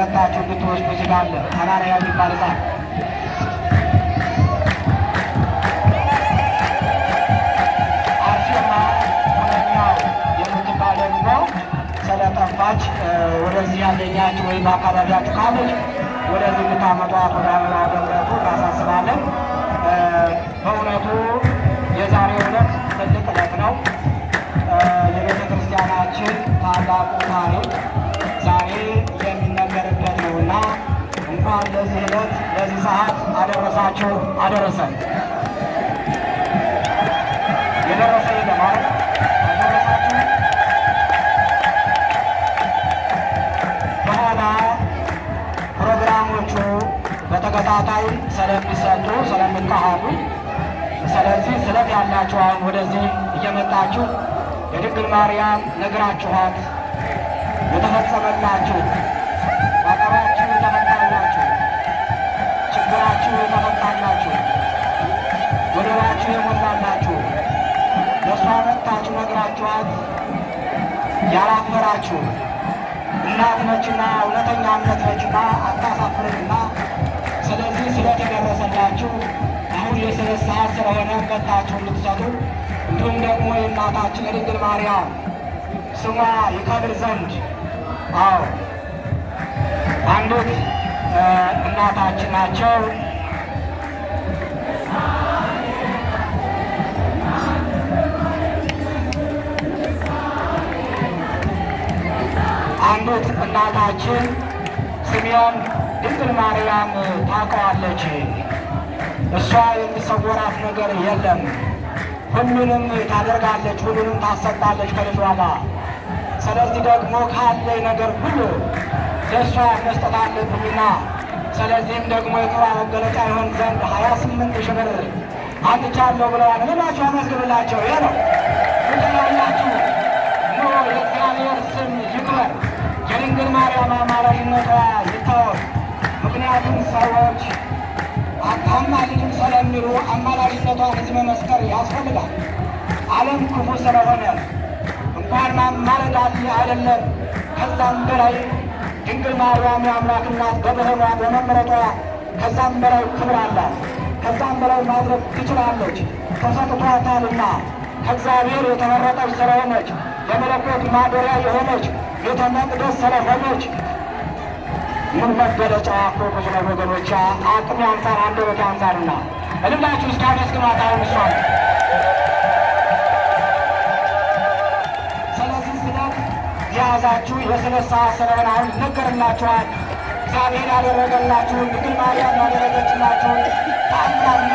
በታችሁ ብትወስዱ ስጋለ ተራሪያ የሚባል ዛፍ ወደዚህ ያገኛችሁ ወይም አካባቢያችሁ ካለች ወደዚህ ብታመጧት ወደ አበባ ገብረቱ እናሳስባለን። በደረሳቸው አደረሰን። የደረሰ የለማር በኋላ ፕሮግራሞቹ በተከታታይ ስለሚሰጡ ስለሚካሄዱ፣ ስለዚህ ስለት ያላችሁ ወደዚህ እየመጣችሁ የድንግል ማርያም ነግራችኋት የተፈጸመላችሁ የሞላላችሁ በእሷ መታችሁ ነግራችኋት ያላፈራችሁ እናት ነችና እውነተኛ እምነት ነችና አታሳፍርምና፣ ስለዚህ ስለተደረሰላችሁ አሁን የስለት ሰዓት ስለሆነ መታችሁ እንድትሰጡ እንዲሁም ደግሞ የእናታችን የድንግል ማርያም ስሟ ይከብር ዘንድ አዎ አንዲት እናታችን ናቸው። አንዲት እናታችን ስሜን ድንግል ማርያም ታውቀዋለች። እሷ የሚሰወራት ነገር የለም። ሁሉንም ታደርጋለች፣ ሁሉንም ታሰጣለች ከልጇ ጋር። ስለዚህ ደግሞ ካለኝ ነገር ሁሉ ለእሷ መስጠት አለብኝና ስለዚህም ደግሞ የኑራ መገለጫ ይሆን ዘንድ ሀያ ስምንት ሺህ ብር አንጥቻለሁ ብለዋል። ምናችሁ ያመስግንላቸው። ይሄ ነው ምጠላላችሁ ኖ የእግዚአብሔር ስም ይክበር። የድንግል ማርያም አማላጅነቷ ይታወቅ። ምክንያቱም ሰዎች አታማልድም ስለሚሉ አማላጅነቷን ሕዝበ መስቀል ያስፈልጋል። ዓለም ክፉ ስለሆነ እንኳን ማማረዳት አይደለም ከዛም በላይ ድንግል ማርያም የአምላክ እናት በመሆኗ በመመረጧ ከዛም በላይ ክብር አላት። ከዛም በላይ ማድረግ ትችላለች። ተሰጥቷታልና ከእግዚአብሔር የተመረጠች ስለሆነች ለመለኮት ማደሪያ የሆነች ቤተ መቅደስ ስለሆነች ምን መገለጫ እኮ ብዙ ነው ወገኖች፣ አቅሜ አንጻር አንደበት አንጻርና እልላችሁ እስኪ አመስግኗት። አሁን እሷ ስለዚህ ስለት የያዛችሁ የስነሳ ሰዓት ስለሆነ አሁን ይነገርላችኋል። እግዚአብሔር ያደረገላችሁን ድንግል ማርያም ያደረገችላችሁን ታምራት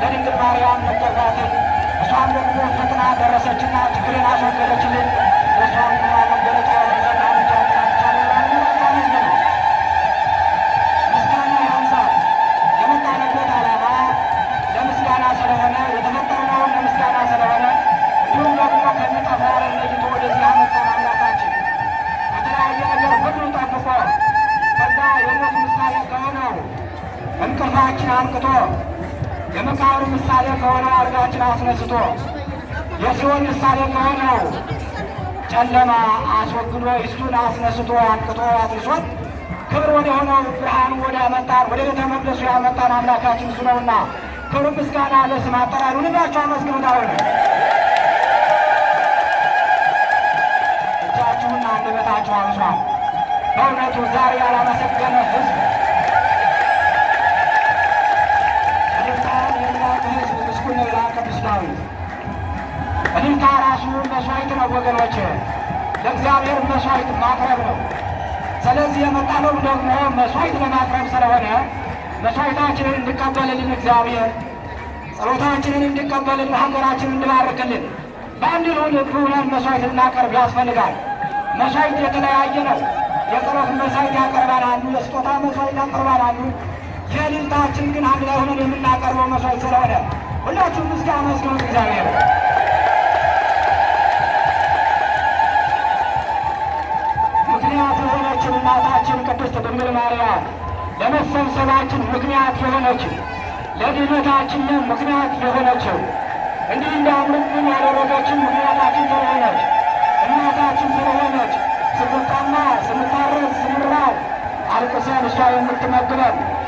ለድንግል ማርያም መጠራትን እሷም ደግሞ ፈጥና ደረሰችና ችግርን አስወገደችልን። እሷም መገለጫ የሆነ ምስጋና ያንሳ። የመጣንበት ዓላማ ለምስጋና ስለሆነ የተፈጠርነውን ለምስጋና ስለሆነ እንዲሁም ደግሞ ከሚጠፋ ለይቶ ወደዚህ አመጣን ከተለያየ ነገር ሁሉ ጠብቆ ከዛ የሞት ምሳሌ ከሆነው እንቅልፋችን አንቅቶ የመቃብር ምሳሌ ከሆነው አልጋችን አስነስቶ የሲኦል ምሳሌ ከሆነው ጨለማ አስወግዶ እሱን አስነስቶ አንቅቶ አድርሶት ክብር ወደ ሆነው ብርሃን ወደ መጣን ወደ ቤተ መቅደሱ ያመጣን አምላካችን እሱ ነውና ክብር ምስጋና ለስም አጠራሩ ልባቸው አመስግኑት። አሁን እጃችሁና አንደበታችሁ አንሷል። በእውነቱ ዛሬ ያላመሰገነ ህዝብ መስዋዕት ማቅረብ ነው። ስለዚህ የመጣለው ደግሞ መስዋዕት ለማቅረብ ስለሆነ መስዋዕታችንን እንዲቀበልልን እግዚአብሔር ጸሎታችንን እንዲቀበልን ሀገራችንን እንዲባርክልን በአንድ ልሁን ሆነን መስዋዕት እናቀርብ ያስፈልጋል። መስዋዕት የተለያየ ነው። የጸሎት መስዋዕት ያቀርባል አሉ፣ የስጦታ መስዋዕት ያቀርባል አሉ። የልልታችን ግን አንድ ላይ ሆነን የምናቀርበው መስዋዕት ስለሆነ ሁላችሁም ምስጋና መስገኑት እግዚአብሔር እናታችን ቅድስት ድንግል ማርያም ለመሰብሰባችን ምክንያት የሆነችው ለድኅነታችንም ምክንያት የሆነችው እንዲህ እንዳምርብን ያደረገችን ምክንያታችን ስለሆነች እናታችን ስለሆነች ስንጠማ፣ ስንታረስ፣ ስንራብ አልቅሰን እሷ የምትመግበን